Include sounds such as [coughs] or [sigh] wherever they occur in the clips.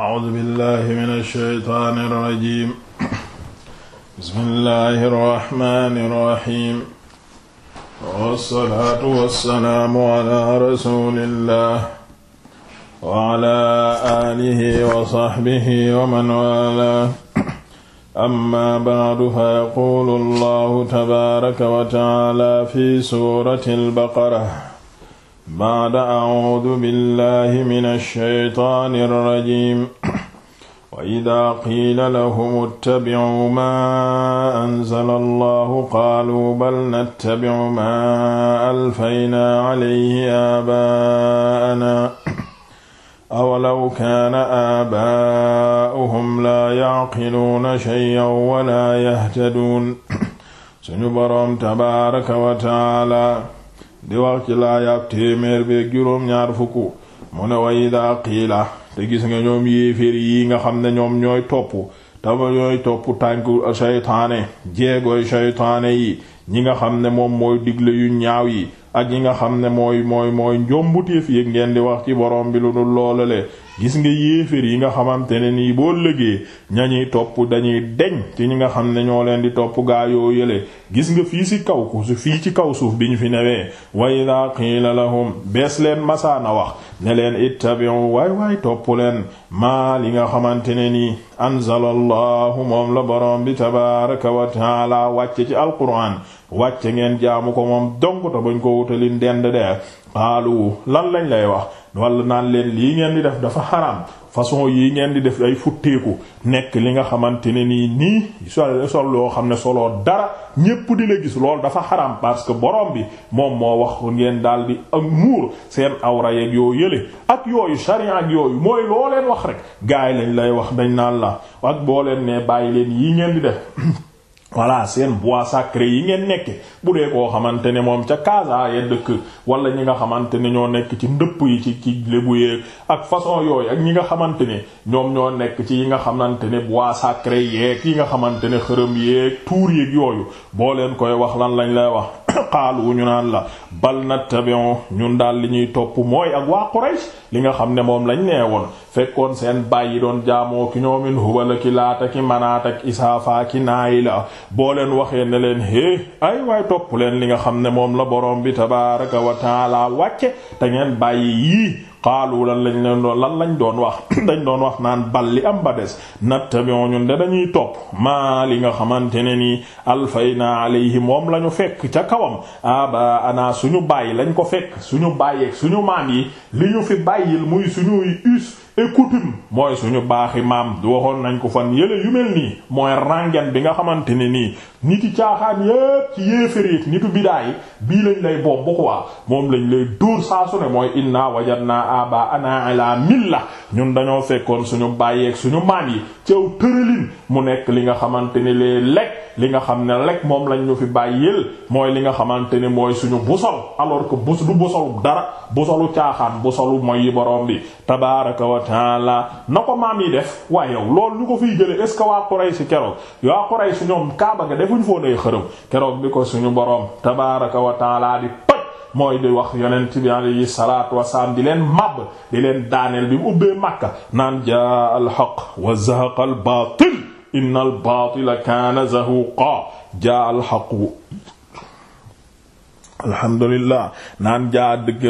A'uuzu billaahi mina shaytaani rajiim. Bismillaahi rahmaani rahiim. Wa salaatu wa salaamu alaa rasuulillaah. Wa alaa aalihi wa sahbihi wa man waalaah. Ammaa ba'du fayaquulu Allaahu tabaaraka wa ta'aalaa fi suuratil baqara. baada audu billahi min alsheytaani alrajim wa ida qiila lahum ittabicuu maa anzala allahu qaaluu bal nattabicu maa alfaynaa calayhi aabaana awalaw kaana aabaa'uhum laa yacqiluuna shay'an walaa yahtaduun suñu boroom tabaaraka wa tacaala di wax ci laayaab téeméer beeg juróom-ñaar fukk mu ne wa idaa qiila te gis nga ñoom yéeféer yi nga xam ne ñoom ñooy topp tama ñooy topp tànku seytaane jeegoy seytaane yi ñi nga xam ne moom mooy digle yu ñaaw yi ak ñi nga xam ne mooy mooy mooy njombutéef yëg ngeen di wax ci borom bi lu dul loolale gis nga yéeféer yi nga xamante ne nii boo lëgee ñañuy topp dañuy deñ ci ñu nga xam ne ñoo leen di topp gaa yoo yële gis nga fii ci kaw ku fii ci kaw suuf bi ñu fi newee wa idha bees leen masaana wax ne leen ittabi'u waay waay topp leen maa yi nga xamante ne nii anzalallahu moom la borom bi tabaaraka wa taala wàcce ci alquran wàcce ngeen jaamu ko moom donc te bañ ko wutalin dend de xaalu lan lañ lay wax walla naan leen lii ngeen di def dafa xaram façon yii ngeen di def ay futteeku nekk li nga xamante ne nii nii sol sol loo xam ne soloo dara ñépp di la gis loolu dafa xaram parce que borom bi moom moo wax ngeen daal di ak muur seen awra yeeg yoo yële ak yooyu sharia ak yooyu mooy loo leen wax rek gaay lañ lay wax dañ naan la ak boo leen ne bàyyi leen yii ngeen di def [clears throat] voilà seen bois sacré yi ngeen nekk bu dee koo xamante ne moom ca Kaasa ya dëkk wala ñi nga xamante ne ñoo nekk ci ndëpp yi ci ci lébu yeeg ak façon yooyu ak ñi nga xamante ne ñoom ñoo nekk ci yi nga xamante ne bois sacré yeeg yi nga xamante ne xërëm yeeg tuur yeeg yooyu boo leen koy wax lan lañ lay wax xaalu [coughs] ñu naan la bal na tabion ñun daal li ñuy topp mooy ak waa Quraysh li nga xam ne moom lañ nee woon fekkoon seen bàyyi doon jaamoo ki ñoomin hubala ki laata ki manaat ak isaafa ki naayi la boo leen waxee ne leen hé ay waay topp leen li nga xam ne moom la borom bi tabaraka wa taala wàcce te ngeen bàyyi yii xaalu lan lañ leen doon lan lañ doon wax [clears throat] dañ doon wax naan bal li am ba des nattabi'u ñun de dañuy topp maa li nga xamante ne nii alfayna alayhi moom lañu fekk ca kawam aba ana suñu bàyyi lañ ko fekk suñu bàyyeeg suñu maam yi li ñu fi bàyyil muy suñuy et coutume mooy suñu baaxi maam du waxoon nañ ko fan yële yu mel nii mooy rangen bi nga xamante ne nii nit yi caaxaan yépp ci yéeféreek nitu bidaa yi bii lañ lay bob bu ko moom lañ lay dóor saa su ne mooy inna wajadna aba ana ala milla ñun dañoo fekkoon suñu bàyyeek suñu maam yi caw tëralin mu nekk li nga xamante ne lee lekk li nga xam ne lekk moom lañ ñu fi bàyyil mooy li nga xamante ne mooy suñu busol alors que bus du busolu dara busolu caaxaan busolu mooy borom bi tabaaraka wa taala na ko maam yi def waaye yow loolu ñu ko fiy jële est ce que waa si keroog waa Quraysh ñoom kaaba ga defuñ foon ay xërëm keroog bi ko suñu borom tabaaraka wa taala di mooy di wax yonent bi alayhi salaatu wasalaam di leen màbb di leen daaneel mu ubbee Makka naan jaa alxaq wa zahaqa albaatil inna albaatila kaana zahuqa jaa alxaq alhamdulillah naan jaa dëgg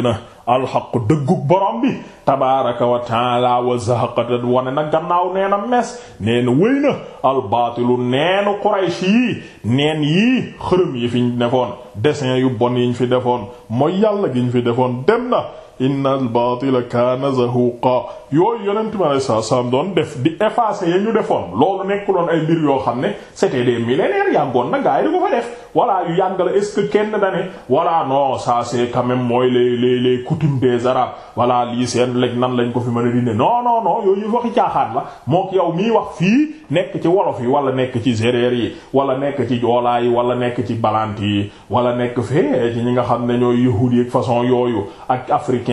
alxaqu dëggug borom bi tabaaraka wa taala wa zahaqat wane na gannaaw nee na mes nee na wéy na albaatilu neenu Quraysh yii neen yii xërëm yi fi ñu defoon dessin yu bon yi ñu fi defoon mooy yàlla gi ñu fi defoon dem na inna al-baatila kaana zahuuqa yooyu yonent bi alayhi salaatu salaam doon def di effacer ya ñu defoon loolu nekkuloon ay mbir yoo xam ne c'était des millénaires yàggoon na gaa yi di ko fa def voilà yu yàgg la est-ce que kenn dane voilà non ça c'est quand mooy les les les coutumes des arabes walaa lii seen lëg nan lañ ko fi mën a dindi non non non yooyu waxi caaxaan la moo yow mii wax fii nekk ci wolof yi wala nekk ci séeréer yi wala nekk ci joolaa yi wala nekk ci balant yi wala nekk fee ñi nga xam ne ñooy yahuudi ak yooyu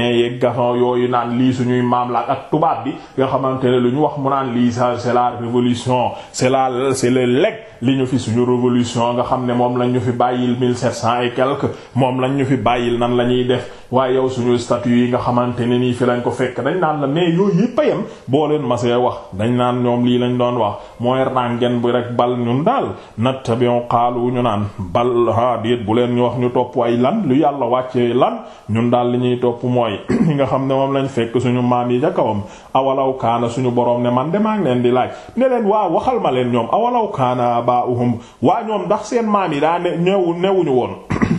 américain yeeg gafan yooyu naan lii suñuy maam la ak tubaab bi nga xamante ne lu ñu wax mu naan lii ça c'est la révolution c'est la c'est le legs li ñu fi suñu révolution nga xam ne moom lañ ñu fi bàyyil mille sept cent et quelque moom lañ ñu fi bàyyil nan la ñuy def waaye yow suñu statut yi nga xamante ne nii fi lañ ko fekk dañ naan la mais yooyu yëpp a boo leen masee wax dañ naan ñoom lii lañ doon wax mooy ràngen bi rek bal ñun daal nattabi'u wu ñu naan bal ha déet bu leen ñu wax ñu topp ay lan lu yàlla wàccee lan ñun daal li ñuy topp mooy li [clears throat] nga xam ne moom lañ fekk suñu maam yi ca kawam awalaw kaana suñu borom ne man de ngi leen di laaj ne leen waa waxal ma leen ñoom awalaw kaana baa'uhum waa ñoom ndax seen maam yi daa ne ñewu newuñu woon [clears throat]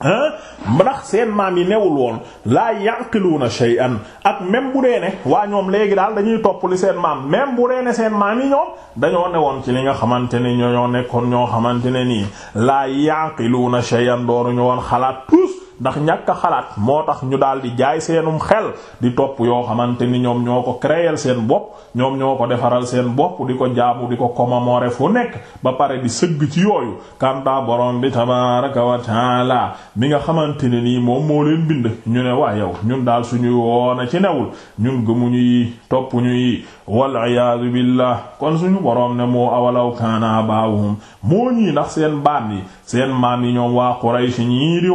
ndax seen maam yi newul woon laa yaqiluuna shay'an ak même bu dee ne waa ñoom léegi daal dañuy topp li seen maam même bu dee ne seen maam yi ñoom dañoo newoon ci li nga xamante ne ñoo nekkoon ñoo xamante ne nii laa yaqiluuna shay'an dooruñu woon xalaat tous ndax ñàkk xalaat moo tax ñu daal di jaay seenum xel di topp yoo xamante ni ñoom ñoo ko créer seen bopp ñoom ñoo ko defaral seen bopp di ko jaamu di ko commémorer fu nekk ba pare di sëgg ci yooyu kanta borom bi tabaraka wa taala mi nga xamante ne nii moom moo leen bind ñu ne waa yow ñun daal suñuy woona ci newul ñun gëmuñu yi topp ñu yi wal iyaadu billah kon suñu borom ne moo awalaw kaana baawum moo ñii ndax seen baan yi seen maan yi ñoom waa Quraysh ñii di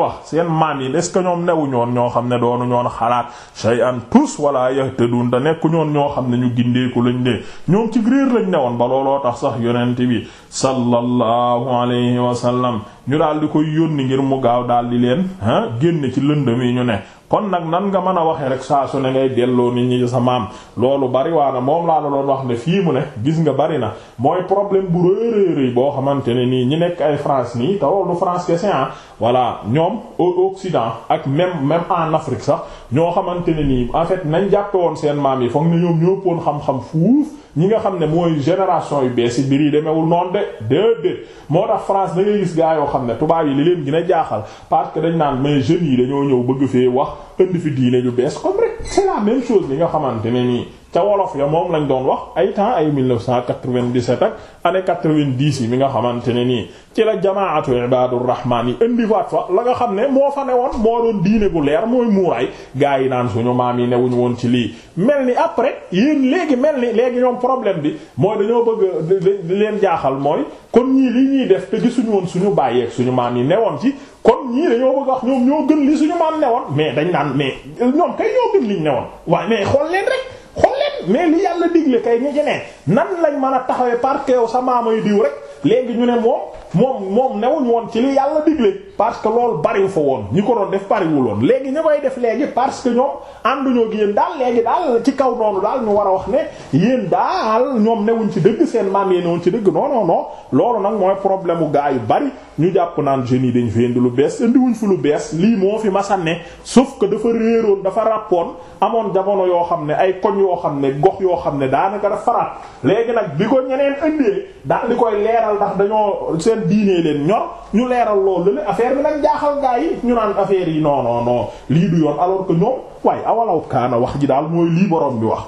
imaam yi est-ce que ñoom newu ñoon ñoo xam ne doonu ñoon xalaat shay'an tus wala yahtadun te nekku ñoon ñoo xam ne ñu gindeeku lañ dee ñoom ci réer ne woon ba looloo tax sax yonent bi sallallahu alayhi wa sallam ñu daal di koy yónni ngir mu gaaw daal di leen ah génn ci lëndëm yi ñu ne kon nag nan nga mën a waxee rek saa su ne ngay delloo ni ñi sa maam loolu bari waa na moom laa la doon wax ne fii mu ne gis nga bari na mooy problème bu réeréer yi boo xamante ne nii ñi nekk ay France nii te loolu France kese ah voilà ñoom au Occident ak même même en Afrique sax ñoo xamante ne nii en fait nañ jàppe woon seen maam yi foog ne ñoom ñoo ëppoon xam-xam fuuf. ñi nga xam ne mooy génération yu bees yi mbir yi demewul noon de déedéet moo tax France da ngay gis gaa yoo xam ne tubaab yi li leen gën a jaaxal parce dañ naan mais jeunes yi dañoo ñëw bëgg fee wax indi fi diine ju bees comme rek c'est la même chose li nga xamante ne nii ca wolof ya moom lañ doon wax ay temps ay 1997 ak année 90 yi mi nga xamante ne nii ci la jamaatu ibadur rahman yi indiwaat fa la nga xam ne moo fa newoon moo doon diine gu leer mooy muuraay gaa yi naan suñu maam yi newuñu woon ci lii mel ni après yéen léegi mel ni léegi ñoom problème bi mooy dañoo bëgg leen jaaxal mooy kon ñii lii ñuy def te gisuñu woon suñu bàyyeeg suñu maam yi newoon ci kon ñii dañoo bëgg wax ñoom ñoo gën li suñu maam newoon mais dañ naan mais ñoom kay ñoo mais li yàlla digle kay ñi ci ne nan lañ mën a taxawee parce que yow sa maamay diw rek léegi ñu ne moom moom moom newuñ woon ci li yàlla digle parce que loolu bariwu fa woon ñi ko doon def bariwul woon léegi ñu koy def léegi parce que ñoo ànduñoo ak yéen daal léegi daal ci kaw noonu daal ñu war a wax ne yéen daal ñoom newuñ ci dëgg seen maam yee newuñ ci dëgg non non non loolu nag mooy problème mu gaa yi bari ñu jàpp naan jeunes yi dañ fi indi lu bees indiwuñ fi lu bees lii moo fi masa ne sauf que dafa réeroon dafa ràppoon amoon jamono yoo xam ne ay koñ yoo xam ne gox yoo xam ne daanaka dafa farat léegi nag bi ko ñeneen daal di koy leeral ndax dañoo seen diine leen ñor ñu leeral loolu affaire bi nag jaaxal gaa yi ñu naan affaire yi non non lii du yoon alors que ñoom waaye awalaw kaana wax ji daal mooy lii borom bi wax.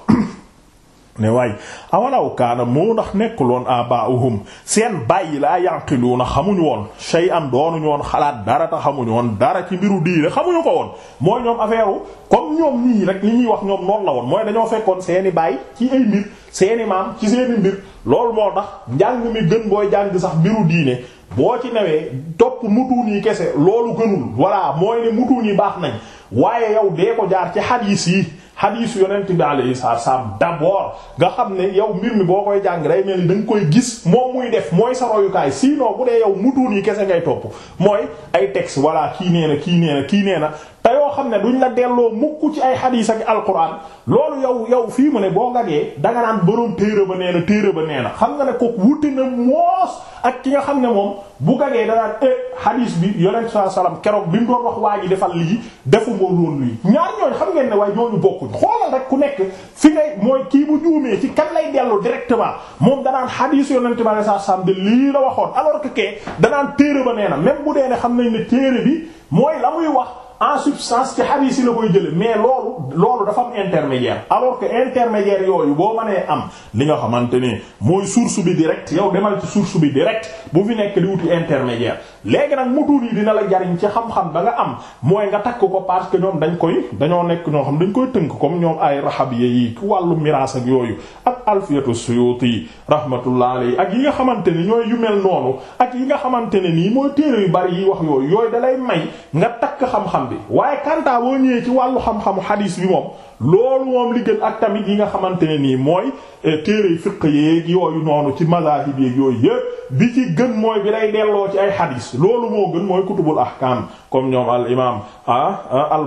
ne [coughs] waaye awalaw kaana moo ndax nekkuloon abaahum seen bàyyi laa yanqiluuna xamuñu woon shay'an doonuñu woon xalaat dara te xamuñu woon dara ci mbiru diine xamuñu ko woon mooy ñoom affaire comme ñoom nii rek li ñuy wax ñoom noonu la woon mooy dañoo fekkoon seeni bàyyi ci ay mbir seeni maam ci seeni mbir. loolu moo tax njàng mi gën booy jàng sax mbiru diine boo ci newee topp mutuun yi kese loolu gënul voilà mooy ne mutuun yi baax nañ waaye yow dee ko jaar ci xadiis yi xadiis yonent bi saa salaam d'abord nga xam ne yow mbir mi boo koy jàng day mel ni da koy gis moo muy def mooy sa royukaay sinon bu dee yow mutuun yi kese ngay topp mooy ay texte voilà kii nee na kii nee na kii nee na te yoo xam ne duñ la delloo mukk ci ay xadiis ak alquran loolu yow yow fii mu ne boo gagee danga naan boroom téere ba nee na téere ba nee na xam nga ne ko wuti na moos ak ki nga xam ne moom bu gagee danaan e bi yonent saa salaam keroog bi mu wax waa ji defal lii defu ma loolu lii ñaar ñooñ xam ngeen ne waaye ñooñu bokkuñ xoolal rek ku nekk fi ngay mooy kii bu juumee ci kan lay dellu directement moom danaan xadiis yonent bi saa salaam de lii la waxoon alors que kee téere ba nee na même bu dee ne xam nañ ne téere bi mooy la muy wax en substance ci xadiis yi la koy jële mais loolu loolu dafa am intermédiaire alors que intermédiaire yooyu boo mënee am li nga xamante ne mooy source bi direct yow demal ci source bi direct bu fi nekk di wuti intermédiaire léegi nag mutuun yi dina la jariñ ci xam-xam ba nga am mooy nga takk ko parce que ñoom dañ koy dañoo nekk ñoo xam dañ koy tënk comme ñoom ay raxab yi wàllu miraas ak yooyu ak alfiyatu suyuti rahmatullah alayhi ak yi nga xamante ni ñooy yu mel noonu ak yi nga xamante ne nii mooy téere yu bari yi wax yooyu yooyu dalay may nga takk xam-xam bi waaye kantaa boo ñëwee ci wàllu xam-xamu xadiis bi moom loolu moom li gën ak tamit yi nga xamante ne nii mooy eh, téere fiq yeeg yooyu noonu ci mazahib yeeg yooyu yëpp bi ci gën mooy bi day delloo ci ay xadiis loolu moo gën mooy kutubul ahkaam comme ñoom al imaam ah, ah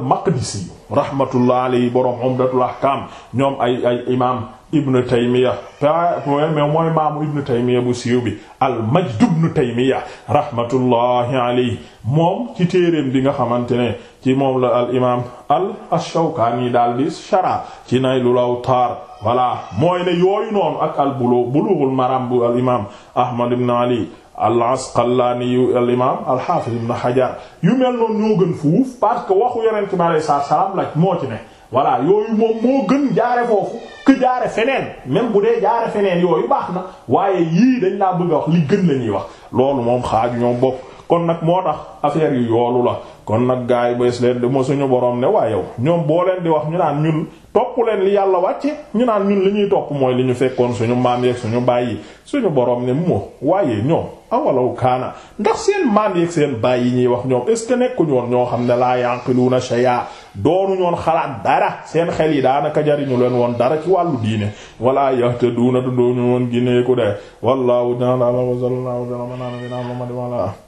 ñoom ay ay imaam. ibnu taymiya pa mooy maamu ibnu taymiya bu siiw bi al majd ibnu taymiya rahmatullahi alayhi moom ci téereem bi nga xamante ne ci moom la al imaam al Shawkaani daal di shara ci Naylul Awtaar voilà mooy ne yooyu noonu ak al Buluugh Buluughul Maraam bu al imaam Ahmad ibn Ali al Asqalaani yu al imaam al Haafiz ibn Hajar yu mel noonu ñoo gën fuuf parce que waxu Yonent bi alayhi salaatu salaam la moo ci ne. voilà yooyu moom moo gën jaare foofu que jaare feneen même bu dee jaare feneen yooyu baax na waaye yii dañ laa bëgg a li gën la ñuy wax loolu moom xaaju ñoo bokk. kon nag moo tax affaire yu yoolu la kon nag gaay bees leen di mo suñu boroom ne waa yow ñoom boo leen di wax ñu naan ñun topp leen li yàlla wàcce ñu naan ñun li ñuy topp mooy li ñu fekkoon suñu maam yeeg suñu bàyyi suñu boroom ne moo waaye ñoom awalaw kaana ndax seen maam yeeg seen bàyyi ñuy wax ñoom est-ce que nekkuñu woon ñoo xam ne laa yanqiluuna shay'a doonuñu ñoon xalaat dara seen xel yi daanaka jariñu leen woon dara ci wàllu diine wala yahtaduuna doonuñu woon ginee ku de wallahu ta'ala wa sallallahu ala